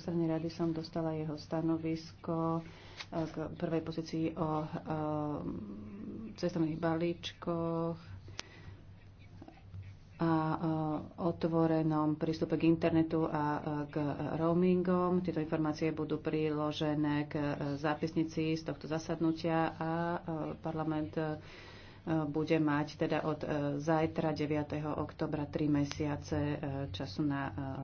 strany rady som dostala jeho stanovisko eh, k prvej pozícii o eh, cestovných balíčkoch a eh, otvorenom prístupe k internetu a k roamingom. Tieto informácie budú priložené k zápisnici z tohto zasadnutia a parlament bude mať teda od zajtra 9. oktobra 3 mesiace času na